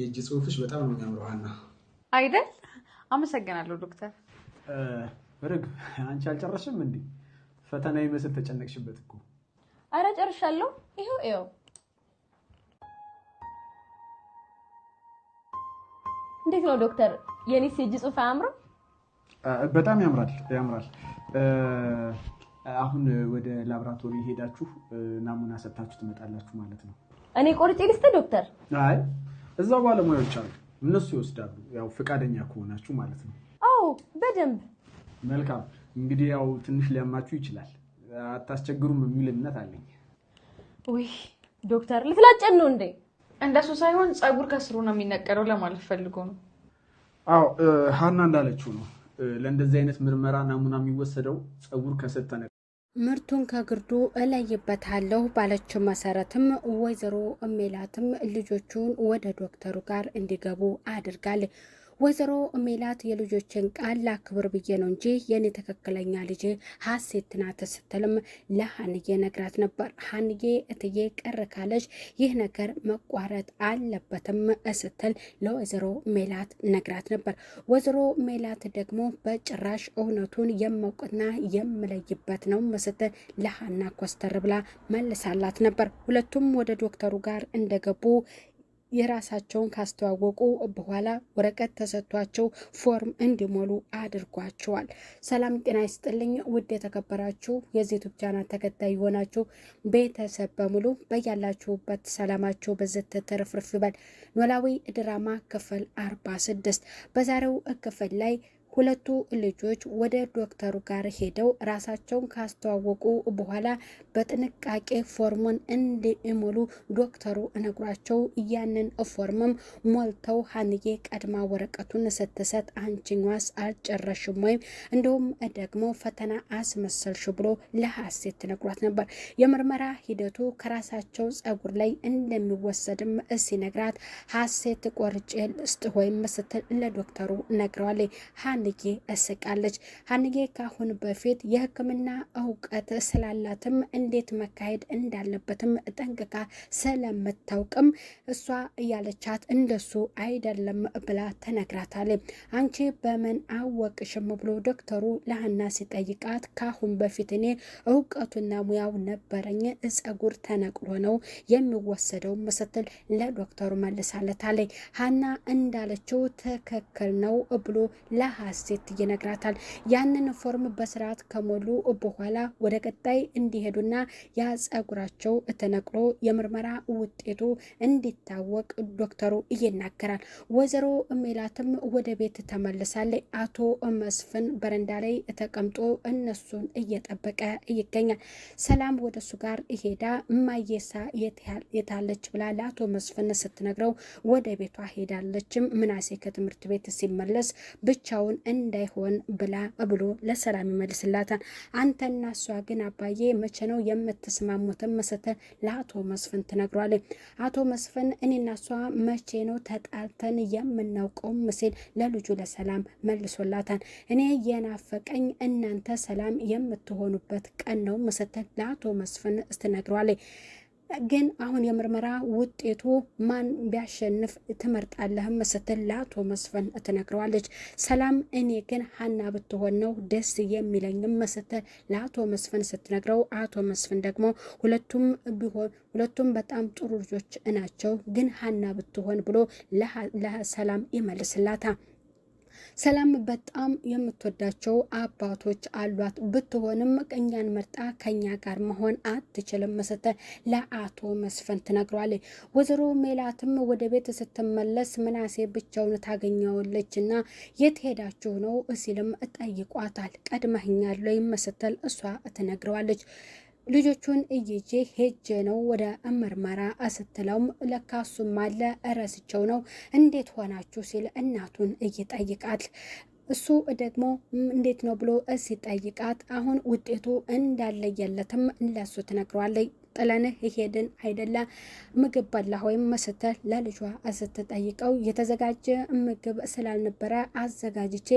የእጅ ጽሁፍሽ በጣም ነው የሚያምረው ሀና። አይደል? አመሰግናለሁ ዶክተር። ርግ አንቺ አልጨረሽም እንዴ? ፈተና ይመስል ተጨነቅሽበት እኮ። አረ ጨርሻለሁ። ይኸው ይኸው። እንዴት ነው ዶክተር፣ የኔስ የእጅ ጽሁፍ አያምረ በጣም ያምራል ያምራል። አሁን ወደ ላብራቶሪ ሄዳችሁ ናሙና ሰጥታችሁ ትመጣላችሁ ማለት ነው። እኔ ቆርጬ ልስጥ ዶክተር? አይ እዛው ባለሙያዎች አሉ፣ እነሱ ይወስዳሉ። ያው ፈቃደኛ ከሆናችሁ ማለት ነው። አዎ በደንብ መልካም። እንግዲህ ያው ትንሽ ሊያማችሁ ይችላል፣ አታስቸግሩም የሚል እምነት አለኝ። ውይ ዶክተር ልትላጨን ነው እንዴ? እንደሱ ሳይሆን ፀጉር ከስሩ ነው የሚነቀለው ለማለት ፈልጎ ነው። አዎ ሀና እንዳለችው ነው። ለእንደዚህ አይነት ምርመራ ናሙና የሚወሰደው ፀጉር ከስር ተነ ምርቱን ከግርዱ እለይበታለሁ ባለችው መሰረትም ወይዘሮ ሜላትም ልጆቹን ወደ ዶክተሩ ጋር እንዲገቡ አድርጋል። ወይዘሮ ሜላት የልጆችን ቃል ላክብር ብዬ ነው እንጂ የኔ ትክክለኛ ልጅ ሀሴት ናት ስትልም ለሀንዬ ነግራት ነበር። ሀንዬ እትዬ ቀር ካለች ይህ ነገር መቋረጥ አለበትም ስትል ለወይዘሮ ሜላት ነግራት ነበር። ወይዘሮ ሜላት ደግሞ በጭራሽ እውነቱን የማውቅና የምለይበት ነው ስትል ለሀና ኮስተር ብላ መልሳላት ነበር። ሁለቱም ወደ ዶክተሩ ጋር እንደገቡ የራሳቸውን ካስተዋወቁ በኋላ ወረቀት ተሰጥቷቸው ፎርም እንዲሞሉ አድርጓቸዋል። ሰላም ጤና ይስጥልኝ ውድ የተከበራችሁ የዩቱብ ቻናል ተከታይ የሆናችሁ ቤተሰብ በሙሉ በያላችሁበት ሰላማችሁ በዝት ትርፍርፍ ይበል። ኖላዊ ድራማ ክፍል አርባ ስድስት በዛሬው ክፍል ላይ ሁለቱ ልጆች ወደ ዶክተሩ ጋር ሄደው ራሳቸውን ካስተዋወቁ በኋላ በጥንቃቄ ፎርሙን እንዲሞሉ ዶክተሩ እነግሯቸው ያንን ፎርምም ሞልተው ሀንዬ ቀድማ ወረቀቱን ስትሰጥ አንቺኛስ አልጨረሽም ወይም እንደውም ደግሞ ፈተና አስመሰልሽ ብሎ ለሀሴት ትነግሯት ነበር። የምርመራ ሂደቱ ከራሳቸው ጸጉር ላይ እንደሚወሰድም ሲነግራት ሀሴት ቆርጬ ልስጥ ወይም ስትል ለዶክተሩ ነግረዋለች። ሀንጌ እስቃለች። ሀንጌ ካሁን በፊት የሕክምና እውቀት ስላላትም እንዴት መካሄድ እንዳለበትም ጠንቅቃ ስለምታውቅም እሷ እያለቻት እንደሱ አይደለም ብላ ተነግራታለች። አንቺ በምን አወቅሽም ብሎ ዶክተሩ ለሀና ሲጠይቃት ካሁን በፊት እኔ እውቀቱና ሙያው ነበረኝ ጸጉር ተነቅሎ ነው የሚወሰደው ስትል ለዶክተሩ መልሳለታለች። ሀና እንዳለችው ትክክል ነው ብሎ ለሀ ለሀሴት ይነግራታል። ያንን ፎርም በስርዓት ከሞሉ በኋላ ወደ ቀጣይ እንዲሄዱና ያ ጸጉራቸው ተነቅሎ የምርመራ ውጤቱ እንዲታወቅ ዶክተሩ ይናገራል። ወይዘሮ ሜላትም ወደ ቤት ተመልሳለች። አቶ መስፍን በረንዳ ላይ ተቀምጦ እነሱን እየጠበቀ ይገኛል። ሰላም ወደ እሱ ጋር ሄዳ ማየሳ የታለች ብላ ለአቶ መስፍን ስትነግረው ወደ ቤቷ ሄዳለችም። ምናሴ ከትምህርት ቤት ሲመለስ ብቻውን እንዳይሆን ብላ ብሎ ለሰላም ይመልስላታል። አንተና እሷ ግን አባዬ መቼ ነው የምትስማሙትን? መስተን ለአቶ መስፍን ትነግሯል። አቶ መስፍን እኔና እሷ መቼ ነው ተጣልተን የምናውቀው? ሲል ለልጁ ለሰላም መልሶላታል። እኔ የናፈቀኝ እናንተ ሰላም የምትሆኑበት ቀን ነው መስተን ለአቶ መስፍን ትነግሯል። ግን አሁን የምርመራ ውጤቱ ማን ቢያሸንፍ ትመርጣለህም ስትል ለአቶ መስፍን ትነግረዋለች። ሰላም እኔ ግን ሀና ብትሆን ነው ደስ የሚለኝም ስትል ለአቶ መስፍን ስትነግረው፣ አቶ መስፍን ደግሞ ሁለቱም ቢሆን ሁለቱም በጣም ጥሩ ልጆች ናቸው፣ ግን ሀና ብትሆን ብሎ ለሰላም ይመልስላታ ሰላም በጣም የምትወዳቸው አባቶች አሏት። ብትሆንም እኛን መርጣ ከኛ ጋር መሆን አትችልም መሰተ ለአቶ መስፍን ትነግሯል። ወይዘሮ ሜላትም ወደ ቤት ስትመለስ ምናሴ ብቻውን ታገኘዋለች እና የት ሄዳችሁ ነው ሲልም ጠይቋታል። ቀድመህኛል መሰተል እሷ ትነግረዋለች። ልጆቹን እይጄ ሄጄ ነው ወደ ምርመራ አስትለውም ለካሱም አለ እረስቸው ነው እንዴት ሆናችሁ ሲል እናቱን እይጠይቃል። እሱ ደግሞ እንዴት ነው ብሎ ሲጠይቃት አሁን ውጤቱ እንዳለየለትም ለሱ ትነግሯለች። ጥለን ይሄድን አይደለ? ምግብ በላ ወይም መሰተል ለልጇ ስትጠይቀው የተዘጋጀ ምግብ ስላልነበረ አዘጋጅቼ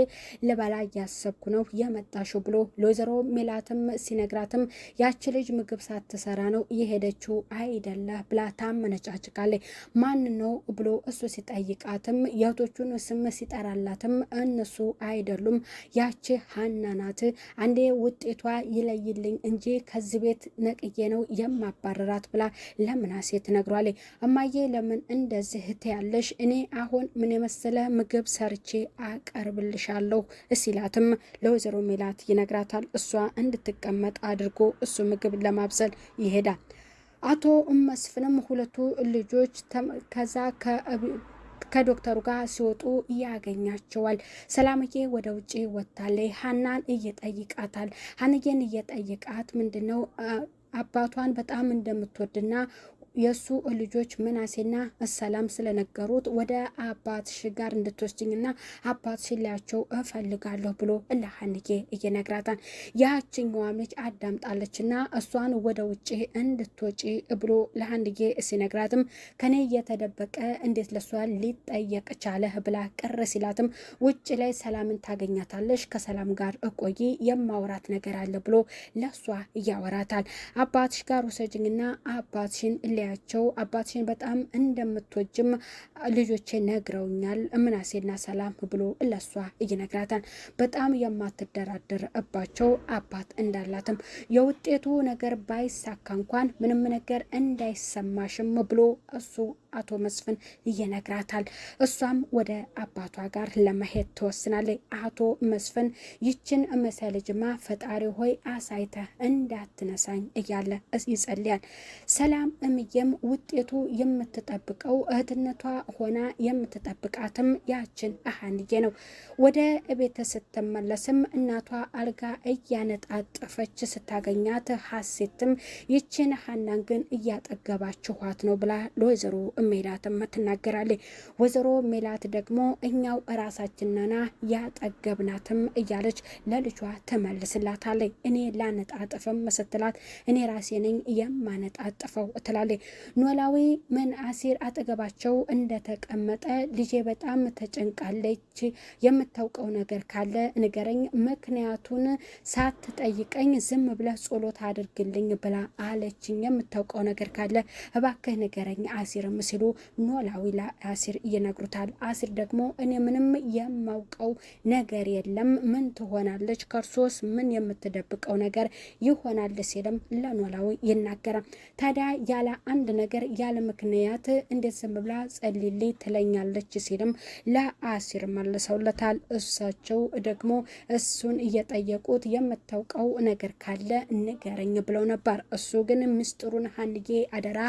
ልበላ እያሰብኩ ነው የመጣሹ ብሎ ለወይዘሮ ሜላትም ሲነግራትም ያች ልጅ ምግብ ሳትሰራ ነው የሄደችው አይደለ ብላ ታመነጫጭቃለች። ማን ነው ብሎ እሱ ሲጠይቃትም የእህቶቹን ስም ሲጠራላትም እነሱ አይደሉም ያች ሀና ናት። አንዴ ውጤቷ ይለይልኝ እንጂ ከዚህ ቤት ነቅዬ ነው የማ አባረራት ብላ ለምናሴ ትነግሯለች። እማዬ ለምን እንደዚህ ትያለሽ? እኔ አሁን ምን የመሰለ ምግብ ሰርቼ አቀርብልሻለሁ ሲላትም ለወይዘሮ ሜላት ይነግራታል። እሷ እንድትቀመጥ አድርጎ እሱ ምግብ ለማብሰል ይሄዳል። አቶ መስፍንም ሁለቱ ልጆች ከዛ ከዶክተሩ ጋር ሲወጡ ያገኛቸዋል። ሰላምዬ ወደ ውጭ ወጥታለች። ሀናን እየጠይቃታል። ሀንዬን እየጠይቃት ምንድነው አባቷን በጣም እንደምትወድና የእሱ ልጆች ምናሴና ሰላም ስለነገሩት ወደ አባትሽ ጋር እንድትወስጅኝና አባትሽን ላያቸው እፈልጋለሁ ብሎ ለሀንዬ እየነግራታል። ያችኛዋም ልጅ አዳምጣለችና እሷን ወደ ውጭ እንድትወጪ ብሎ ለሀንዬ ሲነግራትም ከኔ እየተደበቀ እንዴት ለሷ ሊጠየቅ ቻለህ ብላ ቅር ሲላትም ውጭ ላይ ሰላምን ታገኛታለች። ከሰላም ጋር እቆይ የማውራት ነገር አለ ብሎ ለሷ እያወራታል። አባትሽ ጋር ውሰጅኝና አባትሽን እንዲለያቸው አባትሽን በጣም እንደምትወጅም ልጆቼ ነግረውኛል ምናሴና ሰላም ብሎ ለሷ እየነግራታል። በጣም የማትደራደርባቸው አባት እንዳላትም የውጤቱ ነገር ባይሳካ እንኳን ምንም ነገር እንዳይሰማሽም ብሎ እሱ አቶ መስፍን ይነግራታል። እሷም ወደ አባቷ ጋር ለመሄድ ትወስናለች። አቶ መስፍን ይችን መሰል መሰልጅማ ፈጣሪ ሆይ አሳይተ እንዳትነሳኝ እያለ ይጸልያል። ሰላም እምዬ ማየም ውጤቱ የምትጠብቀው እህትነቷ ሆና የምትጠብቃትም ያችን አሃንዬ ነው። ወደ ቤት ስትመለስም እናቷ አልጋ እያነጣጠፈች ስታገኛት ሀሴትም ይችን ሀናን ግን እያጠገባችኋት ነው ብላ ለወይዘሮ ሜላትም ትናገራለች። ወይዘሮ ሜላት ደግሞ እኛው እራሳችንና ያጠገብናትም እያለች ለልጇ ትመልስላታለች። እኔ ላነጣጥፍም ስትላት እኔ ራሴ ነኝ የማነጣጥፈው ትላለች። ኖላዊ አሲር አጠገባቸው እንደተቀመጠ ልጄ በጣም ተጨንቃለች፣ የምታውቀው ነገር ካለ ንገረኝ፣ ምክንያቱን ሳትጠይቀኝ ዝም ብለህ ጸሎት አድርግልኝ ብላ አለችኝ። የምታውቀው ነገር ካለ እባክህ ንገረኝ አሲርም ሲሉ ኖላዊ ለአሲር ይነግሩታል። አሲር ደግሞ እኔ ምንም የማውቀው ነገር የለም፣ ምን ትሆናለች ከእርሶስ ምን የምትደብቀው ነገር ይሆናል ሲልም ለኖላዊ ይናገራል። ታዲያ ያለ አንድ ነገር ያለ ምክንያት እንዴት ዝም ብላ ጸልልኝ ትለኛለች ሲልም ለአሲር መልሰውለታል። እሳቸው ደግሞ እሱን እየጠየቁት የምታውቀው ነገር ካለ ንገረኝ ብለው ነበር። እሱ ግን ምስጢሩን ሀንዬ አደራ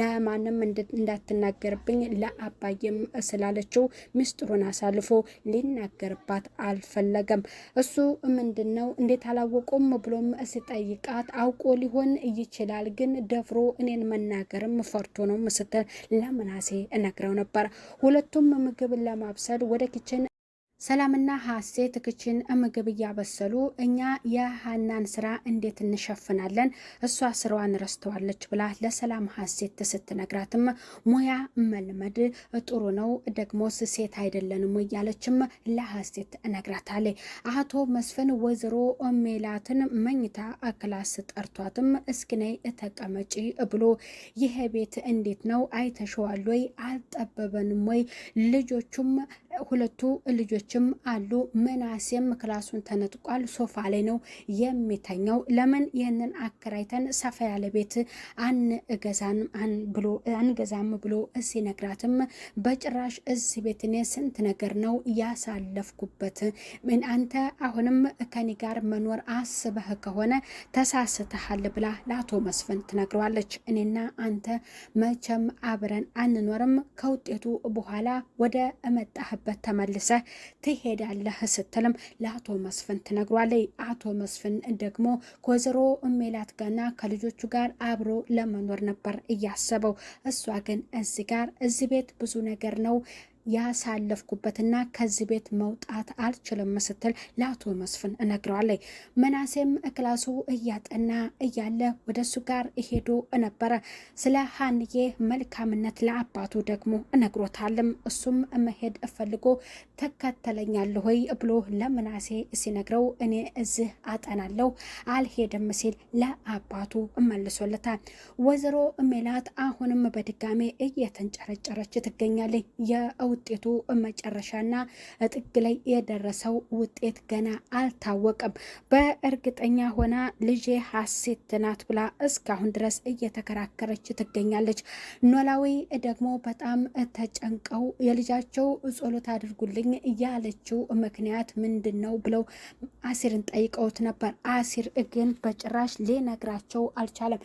ለማንም እንዳትናገርብኝ ለአባዬም ስላለችው ምስጢሩን አሳልፎ ሊናገርባት አልፈለገም። እሱ ምንድን ነው እንዴት አላወቁም ብሎም ሲጠይቃት አውቆ ሊሆን ይችላል፣ ግን ደፍሮ እኔን መናገር ስትናገርም ፈርቶ ነው ስትል ለምናሴ እነግረው ነበር። ሁለቱም ምግብ ለማብሰል ወደ ኪችን ሰላምና ሀሴት ክችን ምግብ እያበሰሉ እኛ የሀናን ስራ እንዴት እንሸፍናለን? እሷ ስራዋን ረስተዋለች ብላ ለሰላም ሀሴት ስትነግራትም ሙያ መልመድ ጥሩ ነው፣ ደግሞስ ሴት አይደለንም እያለችም ለሀሴት እነግራታለች። አቶ መስፍን ወይዘሮ ሜላትን መኝታ ክላስ ጠርቷትም እስኪነይ ተቀመጪ ብሎ ይሄ ቤት እንዴት ነው አይተሸዋል ወይ? አልጠበበንም ወይ? ልጆቹም ሁለቱ ልጆችም አሉ። ምናሴም ክላሱን ተነጥቋል። ሶፋ ላይ ነው የሚተኛው። ለምን ይህንን አከራይተን ሰፋ ያለ ቤት አንገዛም ብሎ ሲነግራትም በጭራሽ እዚህ ቤት እኔ ስንት ነገር ነው ያሳለፍኩበት። አንተ አሁንም ከኔ ጋር መኖር አስበህ ከሆነ ተሳስተሃል ብላ ለአቶ መስፍን ትነግረዋለች። እኔና አንተ መቼም አብረን አንኖርም። ከውጤቱ በኋላ ወደ መጣህ? ወዳለህበት ተመልሰ ትሄዳለህ ስትልም ለአቶ መስፍን ትነግሯለች። አቶ መስፍን ደግሞ ከወይዘሮ ሜላት ጋርና ከልጆቹ ጋር አብሮ ለመኖር ነበር እያሰበው። እሷ ግን እዚህ ጋር እዚህ ቤት ብዙ ነገር ነው ያሳለፍኩበትና ከዚህ ቤት መውጣት አልችልም ስትል ለአቶ መስፍን እነግረዋለች። መናሴም ክላሱ እያጠና እያለ ወደ እሱ ጋር ሄዶ ነበረ። ስለ ሀንዬ መልካምነት ለአባቱ ደግሞ እነግሮታልም። እሱም መሄድ እፈልጎ ትከተለኛለህ ወይ ብሎ ለምናሴ ሲነግረው እኔ እዚህ አጠናለሁ አልሄድም ሲል ለአባቱ መልሶለታል። ወይዘሮ ሜላት አሁንም በድጋሜ እየተንጨረጨረች ትገኛለች። ውጤቱ መጨረሻና ጥግ ላይ የደረሰው ውጤት ገና አልታወቀም። በእርግጠኛ ሆና ልጄ ሀሴት ናት ብላ እስካሁን ድረስ እየተከራከረች ትገኛለች። ኖላዊ ደግሞ በጣም ተጨንቀው የልጃቸው ጸሎት አድርጉልኝ ያለችው ምክንያት ምንድን ነው ብለው አሲርን ጠይቀውት ነበር። አሲር ግን በጭራሽ ሊነግራቸው አልቻለም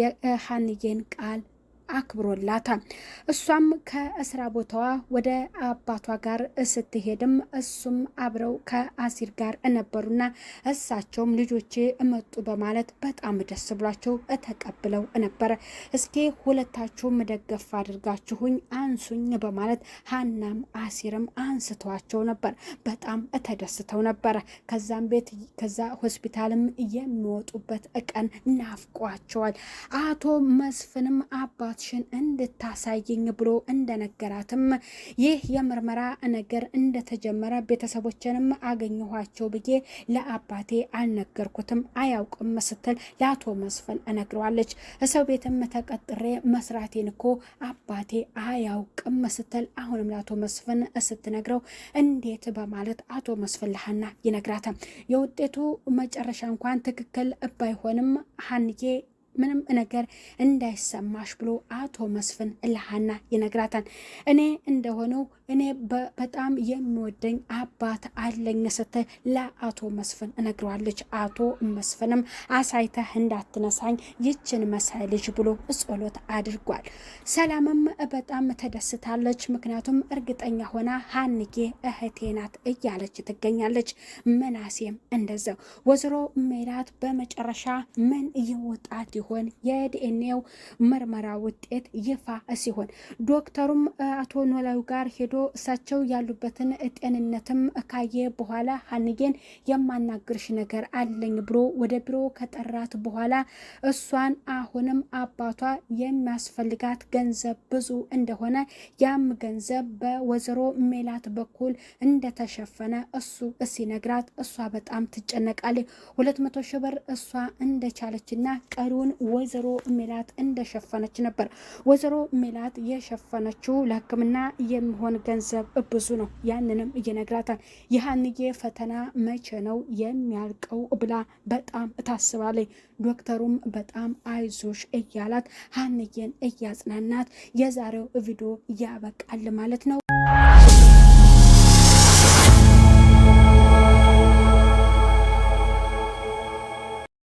የሀንዬን ቃል አክብሮላታል። እሷም ከእስራ ቦታዋ ወደ አባቷ ጋር ስትሄድም እሱም አብረው ከአሲር ጋር ነበሩና እሳቸውም ልጆቼ እመጡ በማለት በጣም ደስ ብሏቸው ተቀብለው ነበረ። እስኪ ሁለታችሁም ደገፍ አድርጋችሁኝ አንሱኝ በማለት ሀናም አሲርም አንስተዋቸው ነበር። በጣም ተደስተው ነበረ። ከዛም ቤት ከዛ ሆስፒታልም የሚወጡበት ቀን ናፍቋቸዋል። አቶ መስፍንም አባ አባትሽን እንድታሳይኝ ብሎ እንደነገራትም ይህ የምርመራ ነገር እንደተጀመረ ቤተሰቦችንም አገኘኋቸው ብዬ ለአባቴ አልነገርኩትም አያውቅም ስትል ለአቶ መስፍን እነግረዋለች። ሰው ቤትም ተቀጥሬ መስራቴን እኮ አባቴ አያውቅም ስትል አሁንም ለአቶ መስፍን ስትነግረው እንዴት በማለት አቶ መስፍን ለሀና ይነግራታል። የውጤቱ መጨረሻ እንኳን ትክክል ባይሆንም ሀንዬ ምንም ነገር እንዳይሰማሽ ብሎ አቶ መስፍን ለሀና ይነግራታል። እኔ እንደሆነው እኔ በጣም የሚወደኝ አባት አለኝ ስትል ለአቶ መስፍን እነግረዋለች። አቶ መስፍንም አሳይተህ እንዳትነሳኝ ይችን መሳይ ልጅ ብሎ ጸሎት አድርጓል። ሰላምም በጣም ተደስታለች። ምክንያቱም እርግጠኛ ሆና ሀንጌ እህቴ ናት እያለች ትገኛለች። ምናሴም እንደዛው። ወይዘሮ ሜላት በመጨረሻ ምን ይወጣት ሲሆን የዲኤንኤው ምርመራ ውጤት ይፋ ሲሆን ዶክተሩም አቶ ኖላዊ ጋር ሄዶ እሳቸው ያሉበትን ጤንነትም ካየ በኋላ ሀንዬን የማናግርሽ ነገር አለኝ ብሎ ወደ ቢሮ ከጠራት በኋላ እሷን አሁንም አባቷ የሚያስፈልጋት ገንዘብ ብዙ እንደሆነ ያም ገንዘብ በወይዘሮ ሜላት በኩል እንደተሸፈነ እሱ ሲነግራት እሷ በጣም ትጨነቃለች። ሁለት መቶ ሺህ ብር እሷ እንደቻለችና ቀሪውን ወይዘሮ ሜላት እንደሸፈነች ነበር። ወይዘሮ ሜላት የሸፈነችው ለሕክምና የሚሆን ገንዘብ ብዙ ነው፣ ያንንም ይነግራታል። የሀንዬ ፈተና መቼ ነው የሚያልቀው ብላ በጣም ታስባለች። ዶክተሩም በጣም አይዞሽ እያላት ሀንዬን እያጽናናት የዛሬው ቪዲዮ ያበቃል ማለት ነው።